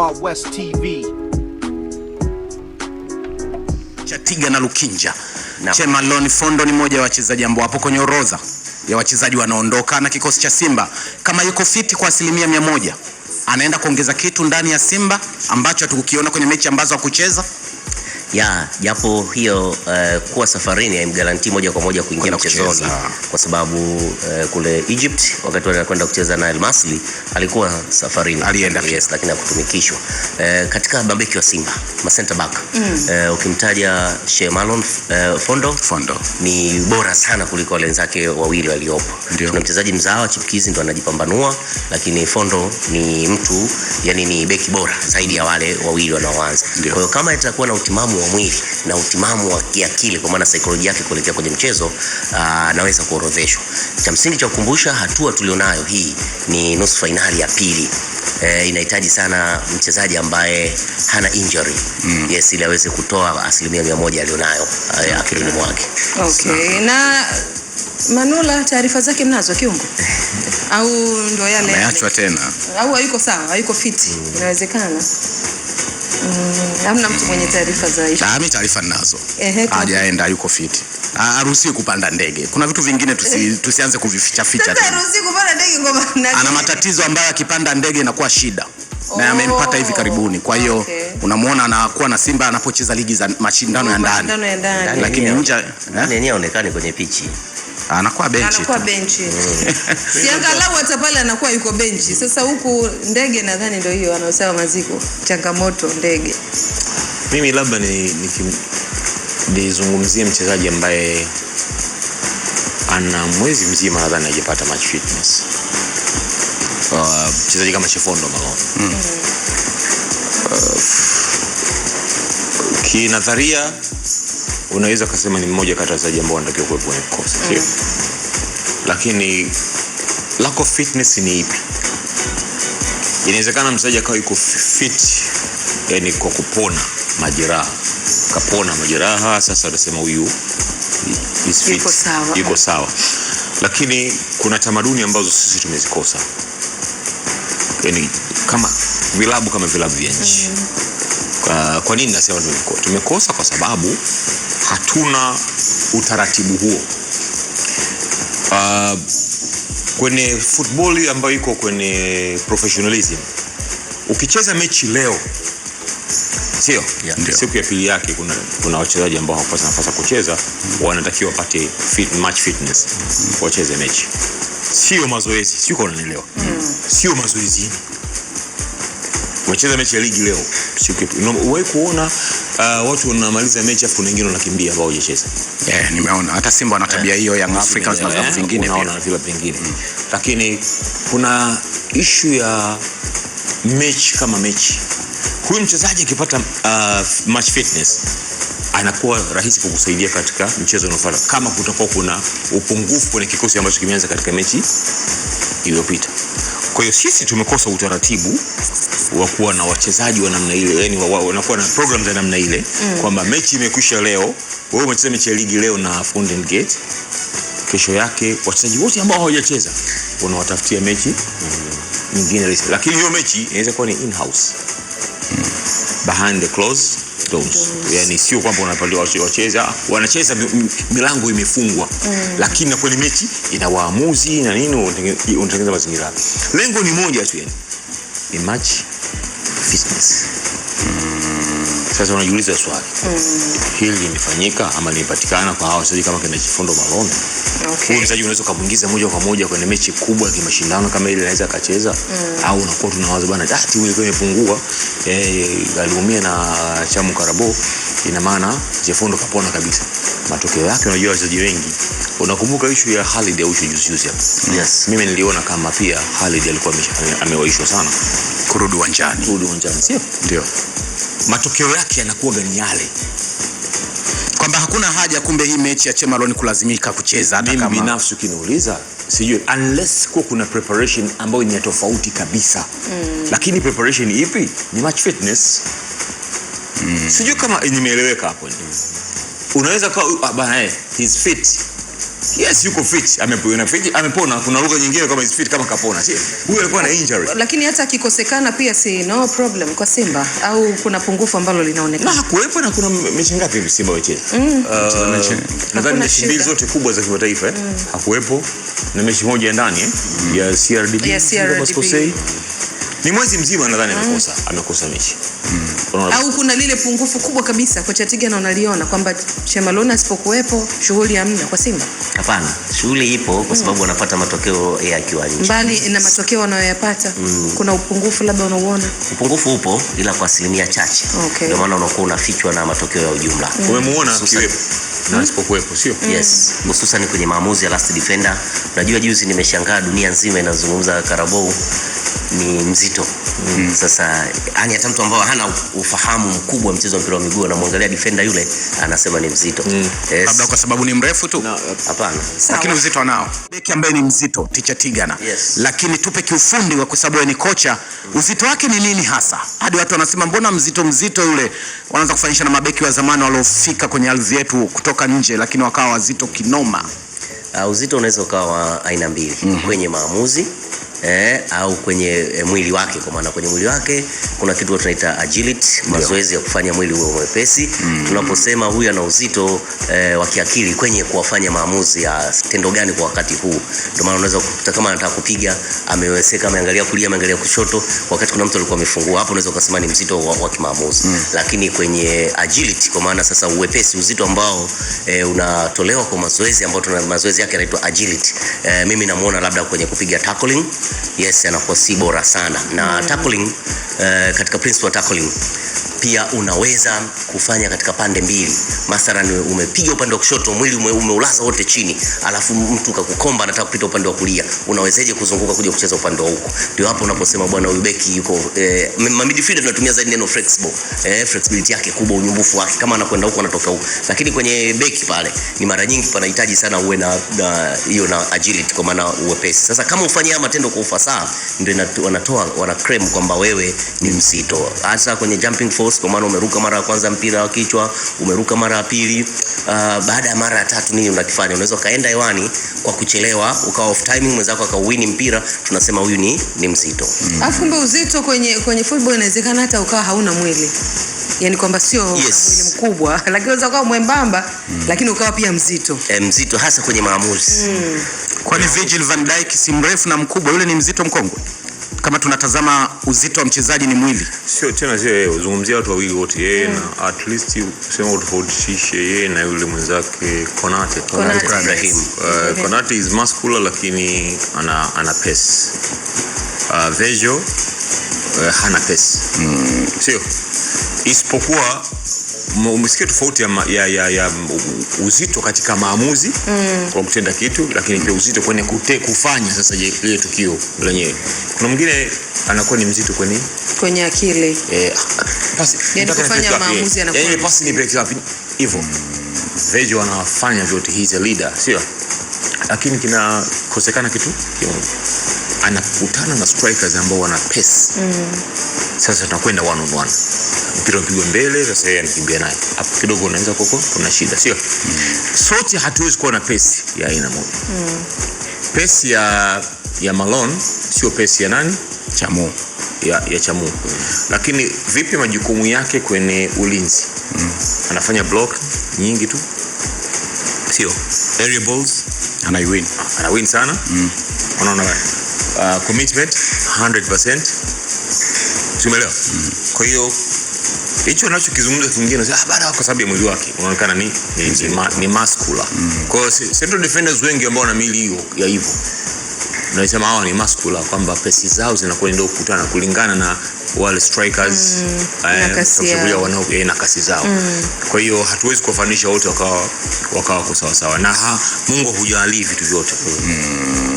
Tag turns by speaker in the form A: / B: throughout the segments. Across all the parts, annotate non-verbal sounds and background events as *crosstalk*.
A: Wild West TV. Chatiga na Lukinja no. Chema Fondo ni mmoja wa wachezaji ambao hapo kwenye orodha ya wachezaji wanaondoka na kikosi cha Simba. Kama yuko fiti kwa asilimia mia moja, anaenda kuongeza kitu ndani ya Simba ambacho hatukukiona kwenye mechi ambazo hakucheza
B: ya japo hiyo uh, kuwa safarini haimgarantii moja kwa moja kuingia mchezoni, kwa sababu uh, kule Egypt wakati anakwenda kucheza na Al Masry alikuwa safarini, alienda yes, lakini hakutumikishwa. Uh, katika mabeki wa Simba ma center back mm. uh, ukimtaja She Malon uh, Fondo Fondo ni bora sana kuliko wale wenzake wawili waliopo. Kuna mchezaji mzawa chipukizi ndo anajipambanua, lakini Fondo ni mtu yani, ni beki bora zaidi ya wale wawili wanaoanza. Kwa hiyo kama itakuwa na utimamu wa mwili na utimamu wa kiakili, kwa maana saikolojia yake kuelekea kwenye mchezo anaweza ah, kuorodheshwa. Cha msingi cha kukumbusha, hatua tulionayo hii ni nusu fainali ya pili. E, inahitaji sana mchezaji ambaye hana injury mm. Yes, ili aweze kutoa asilimia mia moja aliyonayo ah, akilini mwake.
C: Okay. Na Manula taarifa zake mnazo kiungo? *laughs* Au ndio yale
A: ameachwa tena?
C: Au hayuko sawa, hayuko fiti? Mm. Inawezekana. Mm, hamna mtu mwenye taarifa za hiyo.
A: Ah, mimi taarifa ninazo. Hajaenda, yuko fit. Ah, haruhusiwi kupanda ndege. Kuna vitu vingine tusi, eh. tusianze kuvificha ficha
C: tu. Haruhusiwi kupanda ndege ngoma.
A: Ana matatizo ambayo akipanda ndege inakuwa shida. Oh, na amempata hivi oh, karibuni. Kwa hiyo okay, unamuona anakuwa na Simba anapocheza ligi za mashindano ya ndani.
C: Yaani
B: Lakini nje haonekani yaani kwenye pichi
A: anakuwa benchi,
C: anakuwa benchi. Mm. *laughs* si angalau hata pale anakuwa yuko benchi. Sasa huku ndege, nadhani ndio hiyo anaosema maziko, changamoto ndege.
D: Mimi labda nizungumzie mchezaji ambaye ana mwezi mzima nadhani hajapata match fitness uh, mchezaji kama Chefondo Malone mm. uh, kinadharia unaweza kusema ni mmoja kati ya wachezaji ambao wanatakiwa kuwepo kwenye kikosi mm. lakini lako fitness ni ipi inawezekana mchezaji akawa yuko fit yani kwa kupona majeraha kapona majeraha sasa utasema huyu yuko sawa. yuko sawa lakini kuna tamaduni ambazo sisi tumezikosa yani kama vilabu kama vilabu vya nchi mm. Kwa, uh, kwa nini nasema tumekosa? Tumekosa kwa sababu hatuna utaratibu huo. Uh, kwenye football ambayo iko kwenye professionalism, ukicheza mechi leo sio yeah, siku ya pili yake kuna, kuna wachezaji ambao hawapata nafasi ya kucheza mm. wanatakiwa wapate fit, match fitness mm. wacheze mechi, sio mazoezi, sio, unanielewa mm. sio mazoezini tumecheza mechi ya ligi leo. Unawahi kuona uh, watu wanamaliza mechi afu wengine wanakimbia ambao hawajacheza.
A: Yeah, nimeona. Hata Simba wana tabia hiyo yeah. Young Africans
B: na vitu eh? vingine pia.
A: Unaona vile vingine. Mm. Lakini kuna issue ya mechi kama mechi. Huyu mchezaji akipata uh, match fitness anakuwa rahisi kukusaidia katika mchezo unaofuata, kama kutakuwa kuna upungufu kwenye kikosi ambacho kimeanza katika mechi iliyopita. Kwa hiyo sisi tumekosa utaratibu wa kuwa na wachezaji wa namna ile, yani wanakuwa na programs za namna ile mm. kwamba mechi imekwisha leo, wewe umecheza mechi ya ligi leo na Fountain Gate, kesho yake wachezaji wote ambao hawajacheza unawatafutia mechi nyingine mm. lakini hiyo mechi inaweza kuwa ni in house mm. behind the close doors, yani sio kwamba wanapaliwa wacheza wanacheza milango imefungwa mm. lakini na kweli mechi ina waamuzi na nini, unatengeneza mazingira. Lengo ni moja tu yani ni match fitness. Mm, sasa unajiuliza swali mm. Hili limefanyika ama limepatikana kwa hawa wachezaji kama kina Chifundo Malome? Okay. Huyu mchezaji unaweza kumuingiza moja kwa moja kwenye mechi kubwa ya kimashindano kama ile, anaweza akacheza mm. Au unakuwa tunawaza bwana, dati timu ilikuwa imepungua eh, aliumia na Chamu Karabo, ina maana Chifundo kapona kabisa. Matokeo yake unajua wachezaji wengi Unakumbuka ishu ya Halid au ishu juzi juzi hapa? Yes. Mimi niliona kama pia Halid alikuwa amewaishwa sana
D: kurudi uwanjani,
A: kurudi uwanjani, sio ndio? Matokeo yake yanakuwa gani yale, kwamba hakuna haja kumbe hii mechi ya Chemalon kulazimika kucheza.
D: Hata kama mimi binafsi ukiniuliza, sijui unless kwa kuna preparation ambayo ni tofauti kabisa mm. Lakini preparation ipi? Ni match fitness mm. Sijui kama eh, nimeeleweka hapo mm. Unaweza kwa ah, bana, eh, he's fit Yes, yuko fit. Amepona fit, amepona. Kuna lugha nyingine kama is fit kama kapona. Si huyo alikuwa na injury.
C: Lakini hata akikosekana pia si no problem kwa Simba au kuna pungufu ambalo linaonekana.
A: Na kuwepo na kuna mechi ngapi hivi Simba wacheza? Mm. Uh, nadhani mechi mbili zote kubwa za kimataifa eh. Mm. Hakuwepo na mechi moja ya ndani eh, mm. ya CRDB. Ya
C: CRDB.
A: Ni mwezi mzima nadhani mm. amekosa amekosa mechi.
C: Mm. Au kuna lile pungufu kubwa kabisa kwa Chatiga na unaliona kwamba Chemalona asipokuwepo shughuli hamna kwa Simba.
B: Hapana, shughuli ipo kwa sababu hmm. wanapata matokeo ya akiwa nje.
C: Mbali na matokeo wanayoyapata mm. kuna upungufu labda unauona?
B: Upungufu upo ila kwa asilimia chache. Okay. Ndio maana unakuwa unafichwa na matokeo ya ujumla.
A: Mm. Umemuona akiwepo na hmm? asipokuwepo, sio?
B: Hmm. Yes. Hususan kwenye maamuzi ya last defender. Unajua juzi nimeshangaa dunia nzima inazungumza Karabou ni mzito mm. Sasa yani hata mtu ambaye hana ufahamu mkubwa wa mchezo wa mpira wa miguu anamwangalia defender yule anasema ni mzito
A: mm. Yes. Labda kwa sababu ni mrefu tu? Hapana no, lakini uzito anao. Beki ambaye ni mzito Ticha Tigana yes. Lakini tupe kiufundi kwa sababu ni kocha mm. Uzito wake ni nini hasa hadi watu wanasema mbona mzito mzito yule, wanaanza kufanisha na mabeki wa zamani waliofika kwenye ardhi yetu kutoka nje, lakini wakawa wazito kinoma.
B: Uh, uzito unaweza ukawa aina mbili mm -hmm. Kwenye maamuzi eh, au kwenye eh, mwili wake. Kwa maana kwenye mwili wake kuna kitu tunaita agility, mazoezi ya kufanya mwili uwe mwepesi mm. Tunaposema huyu ana uzito eh, wa kiakili kwenye kuwafanya maamuzi ya tendo gani kwa wakati huu, ndio maana unaweza kukuta kama anataka kupiga, ameweseka, ameangalia kulia, ameangalia kushoto, wakati kuna mtu alikuwa amefungua hapo, unaweza ukasema ni mzito wa, wa kimaamuzi mm. Lakini kwenye agility, kwa maana sasa uwepesi, uzito ambao eh, unatolewa kwa mazoezi ambayo tuna mazoezi yake yanaitwa agility eh, mimi namuona labda kwenye kupiga tackling yes, anakuwa si bora sana na mm. tackling, uh, eh, katika principle tackling pia unaweza kufanya katika pande mbili. Mathalan, umepiga upande wa kushoto, mwili umeulaza ume wote chini, alafu mtu kakukomba anataka kupita upande wa kulia, unawezaje kuzunguka kuja kucheza upande wa huko? Ndio hapo unaposema bwana, huyu beki yuko eh, midfielder tunatumia zaidi neno flexible, eh, flexibility yake kubwa, unyumbufu wake, kama anakwenda huko anatoka huko. Lakini kwenye beki pale ni mara nyingi panahitaji sana uwe na hiyo na, na agility, kwa maana uwepesi. Sasa kama ufanyia matendo kwa ufasaha, ndio wanatoa wana claim kwamba wewe ni msito, hasa kwenye jumping forward boss, kwa maana umeruka mara ya kwanza mpira wa kichwa, umeruka mara ya pili. Uh, baada ya mara ya tatu nini unakifanya? Unaweza ukaenda hewani kwa kuchelewa, ukawa off timing, mwenzako akauwini mpira, tunasema huyu ni, ni mzito.
C: Mm. Afu kumbe uzito kwenye, kwenye football inawezekana hata ukawa hauna mwili yani kwamba sio yes, mwili mkubwa *laughs* lakini unaweza kuwa mwembamba mm, lakini ukawa pia mzito
B: e, mzito hasa kwenye maamuzi
A: mm. Kwani Virgil van Dijk si mrefu na mkubwa, yule ni mzito mkongwe? kama tunatazama uzito wa mchezaji ni mwili,
D: sio tena, zile yeye. Uzungumzia watu wawili wote, yeye na at least useme utofautishe yeye na yule mwenzake Konate. Uh, Konate is muscular lakini ana ana pace. Uh, Vejo uh, hana pace,
A: mm. sio isipokuwa umesikia tofauti ya, ma, ya, ya, ya uzito katika maamuzi mm. kwa kutenda kitu, lakini pia uzito kwenye kute, kufanya sasa ile tukio lenyewe. Kuna mwingine anakuwa ni mzito kwenye
C: kwenye akili
A: eh, basi
C: yani kufanya maamuzi eh,
A: anakuwa basi ni break up hivyo. Vejo anafanya vyote, hizi leader, sio? Lakini kinakosekana kitu kimoja anafutana na strikers ambao wana pace mm. Sasa tunakwenda one on one, mpira mpigwe mbele, sasa yeye anakimbia naye hapo kidogo, unaanza koko, kuna shida sio? mm. Sote hatuwezi kuwa na pace ya aina moja mm. Pace ya ya Malone sio pace ya nani Chamu ya, ya Chamu mm. Lakini vipi majukumu yake kwenye ulinzi mm. Anafanya block nyingi tu
D: sio? Aerial balls anaiwin,
A: anawin sana
D: mm. Unaona wewe uh, commitment 100%.
A: Tumeelewa? Mm. Kwa hiyo hicho nachokizungumza kingine ah, bado kwa sababu ya mwili wake unaonekana ni, ni, ni, ma, ni muscular. Mm. Kwa hiyo central defenders wengi ambao wana mili hiyo ya hivyo naisema hawa ni muscular kwamba pesi zao zinakuwa ndio kukutana kulingana na wale strikers
C: mm,
A: uh, wanao eh, na kasi zao mm. Kwa hiyo hatuwezi kuwafanisha wote wakawa wakawa kwa sawa sawa, na ha, Mungu hujawalia vitu vyote mm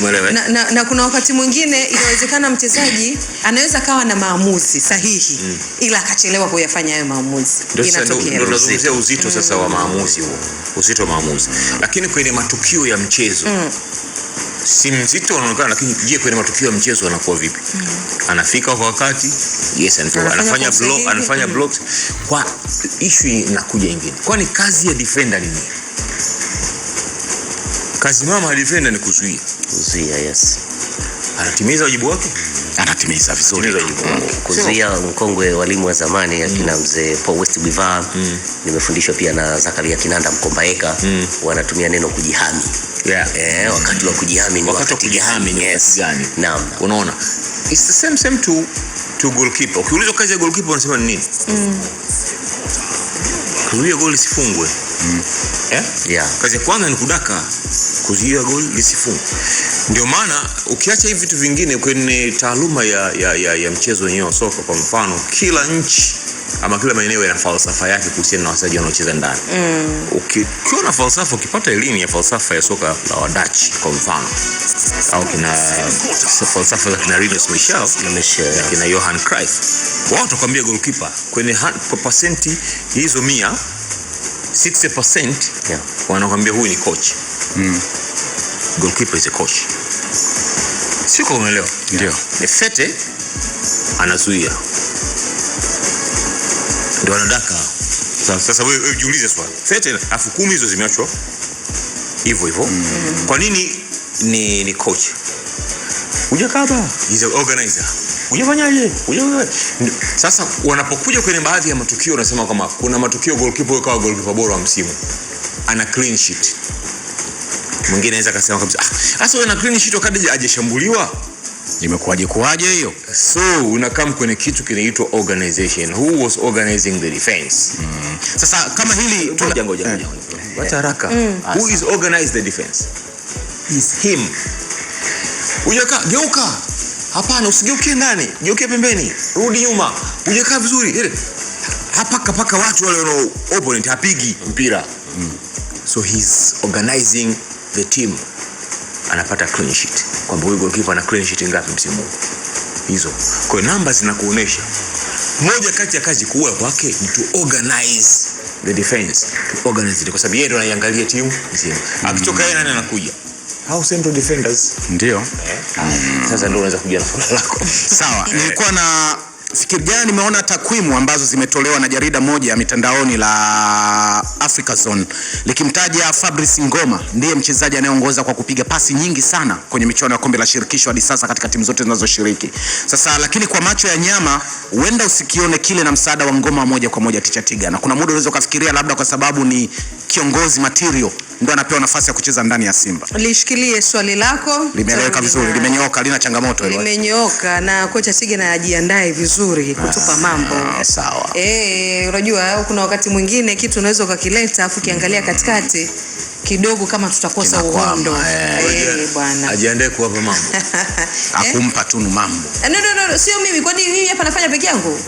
A: na,
C: na, na kuna wakati mwingine inawezekana mchezaji anaweza kawa na maamuzi sahihi mm. ila akachelewa kuyafanya hayo maamuzi.
A: Ndio uzito mm. sasa wa maamuzi huo, uzito wa maamuzi, lakini kwenye matukio ya mchezo mm. si mzito unaonekana, lakini je, kwenye matukio ya mchezo anakuwa vipi? mm. anafika kwa wakati? Yes, anafanya, anafanya, block, anafanya mm. blocks. Kwa issue inakuja nyingine, kwani kazi ya defender ni nini? Kazi mama alivenda ni kuzuia.
B: Kuzuia, yes.
A: Anatimiza wajibu wake? Mm.
B: Anatimiza vizuri. wajibu wake mm. Kuzuia mkongwe walimu wa zamani mm. akina mm. mzee Paul West Bivar mm. nimefundishwa pia na Zakaria Kinanda Mkombaeka mm. wanatumia neno kujihami. Yeah. Eh, wakati wa kujihami ni
A: wakati wa kujihami ni
B: yes. gani?
A: Naam. Unaona? It's the same same to to goalkeeper. Ukiulizwa kazi ya goalkeeper unasema ni nini? Mm. Kuzuia goli sifungwe. Mm. Eh? Yeah. Kazi ya kwanza ni kudaka kuzuia goli lisifungwe. Ndio maana ukiacha hivi vitu vingine kwenye taaluma ya, ya, ya, ya mchezo wenyewe wa soka, kwa mfano, kila nchi ama kila maeneo yana falsafa yake kuhusiana na wachezaji wanaocheza ndani mm. Ukiwa na falsafa, ukipata elimu ya falsafa ya soka la Wadachi kwa mfano, au kina falsafa za kina Rinus Michel na kina Johan Cruyff, wao watakwambia goalkeeper kwenye pasenti hizo mia 60% yeah, wanakwambia huyu ni coach. Mm. Goalkeeper is a coach. Sio kama unaelewa. Ndio. Ni Fete anazuia. Ndio anadaka. Sasa sasa wewe jiulize swali. Fete afu kumi hizo zimeachwa hivyo hivyo. Mm. Kwa nini ni ni coach? Hujakaba.
D: He's an organizer
A: hujafanya ile, sasa. Wanapokuja kwenye baadhi ya matukio, unasema kama kuna matukio goalkeeper kawa goalkeeper bora wa msimu ana clean sheet. Mwingine anaweza akasema kabisa, ah, sasa wewe na clean sheet wakati hajashambuliwa
D: imekuwaje kuwaje hiyo? So unakam kwenye kitu kinaitwa organization, who was organizing the defense.
A: Mm. Sasa kama hili
B: jambo jambo. ngoja, eh,
A: acha haraka, mm. who is organize the defense is him. Unyoka, geuka Hapana, usigeukie ndani, geukie pembeni, rudi nyuma, ujekaa vizuri ile. hapa kapaka watu wale wana opponent hapigi mpira mm. So he's organizing the team, anapata clean sheet, kwamba huyu goalkeeper ana clean sheet ngapi msimu huu hizo. Kwa hiyo namba zinakuonesha moja kati ya kazi kubwa kwake ni to organize the defense,
B: to organize it, kwa sababu yeye ndo anaiangalia timu
A: nzima. Akitoka yeye, nani anakuja?
D: Hao central defenders
A: ndio eh. Sasa ndio unaweza kujua swala lako. Sawa. *laughs* Nilikuwa na fikiri gani, nimeona takwimu ambazo zimetolewa na jarida moja ya mitandaoni la Africa Zone likimtaja Fabrice Ngoma ndiye mchezaji anayeongoza kwa kupiga pasi nyingi sana kwenye michuano ya kombe la shirikisho hadi sasa katika timu zote zinazoshiriki. Sasa lakini kwa macho ya nyama huenda usikione kile na msaada wa Ngoma moja kwa moja ticha tiga, na kuna muda unaweza ukafikiria labda kwa sababu ni kiongozi material ndo anapewa nafasi ya kucheza ndani ya Simba.
C: Lishikilie swali lako,
A: limeeleweka vizuri, limenyooka, lina changamoto hilo,
C: limenyooka na kocha Sige na ajiandae vizuri kutupa ah, mambo sawa. Eh, unajua kuna wakati mwingine kitu unaweza ukakileta afu kiangalia katikati kidogo kama tutakosa uhondo
A: eh, eh bwana ajiandae kuwapa mambo *laughs* eh? akumpa tunu mambo.
C: Eh, no, no, no, sio mimi, kwani mimi hapa nafanya peke yangu?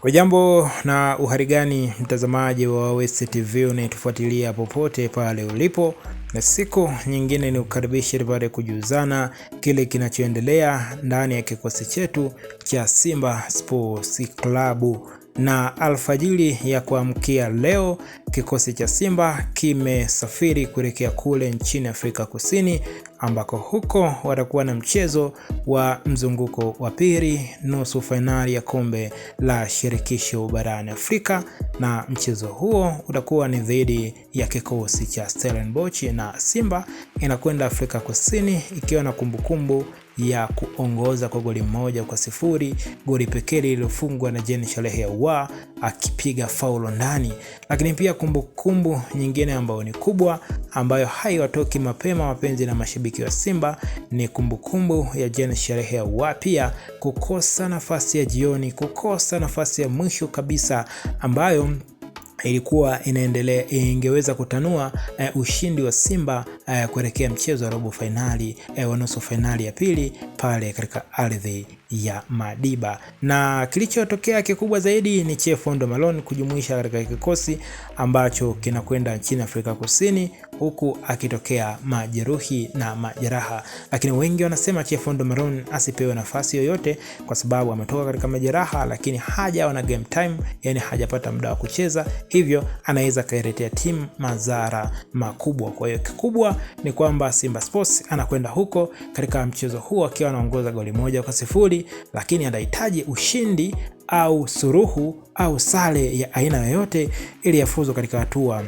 E: Kwa jambo na uharigani mtazamaji wa West TV unayetufuatilia popote pale ulipo, na siku nyingine ni ukaribishe baada ya kujuzana kile kinachoendelea ndani ya kikosi chetu cha Simba Sports Club. Na alfajiri ya kuamkia leo kikosi cha Simba kimesafiri kuelekea kule nchini Afrika Kusini, ambako huko watakuwa na mchezo wa mzunguko wa pili nusu fainali ya kombe la shirikisho barani Afrika, na mchezo huo utakuwa ni dhidi ya kikosi cha Stellenbosch na Simba inakwenda Afrika Kusini ikiwa na kumbukumbu ya kuongoza kwa goli moja kwa sifuri, goli pekee lililofungwa na Jean Shalehe Aouar akipiga faulo ndani. Lakini pia kumbukumbu kumbu nyingine ambayo ni kubwa ambayo haiwatoki mapema wapenzi na mashabiki wa Simba ni kumbukumbu kumbu ya Jean Shalehe Aouar pia kukosa nafasi ya jioni, kukosa nafasi ya mwisho kabisa ambayo ilikuwa inaendelea ingeweza kutanua e, ushindi wa Simba eh, kuelekea mchezo wa robo fainali eh, wa nusu fainali ya pili pale katika ardhi ya Madiba, na kilichotokea kikubwa zaidi ni Ondo Malone kujumuisha katika kikosi ambacho kinakwenda nchini Afrika Kusini, huku akitokea majeruhi na majeraha, lakini wengi wanasema Ondo Malone asipewe nafasi yoyote kwa sababu ametoka katika majeraha, lakini hajawa na game time, yani hajapata muda wa kucheza, hivyo anaweza akailetea timu madhara makubwa. Kwa hiyo kikubwa ni kwamba Simba Sports anakwenda huko katika mchezo huo akiwa anaongoza goli moja kwa sifuri, lakini anahitaji ushindi au suruhu au sare ya aina yoyote ili afuzu katika hatua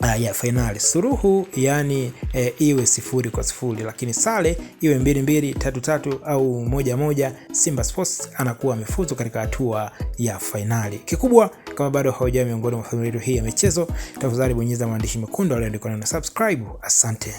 E: ah, ya fainali. Suruhu yani e, iwe sifuri kwa sifuri, lakini sare iwe mbili mbili, tatu tatu au moja moja, Simba Sports anakuwa amefuzu katika hatua ya fainali. Kikubwa kama bado haujawa miongoni mwa familia yetu hii ya michezo, tafadhali bonyeza maandishi mekundu yaliyoandikwa na subscribe. Asante.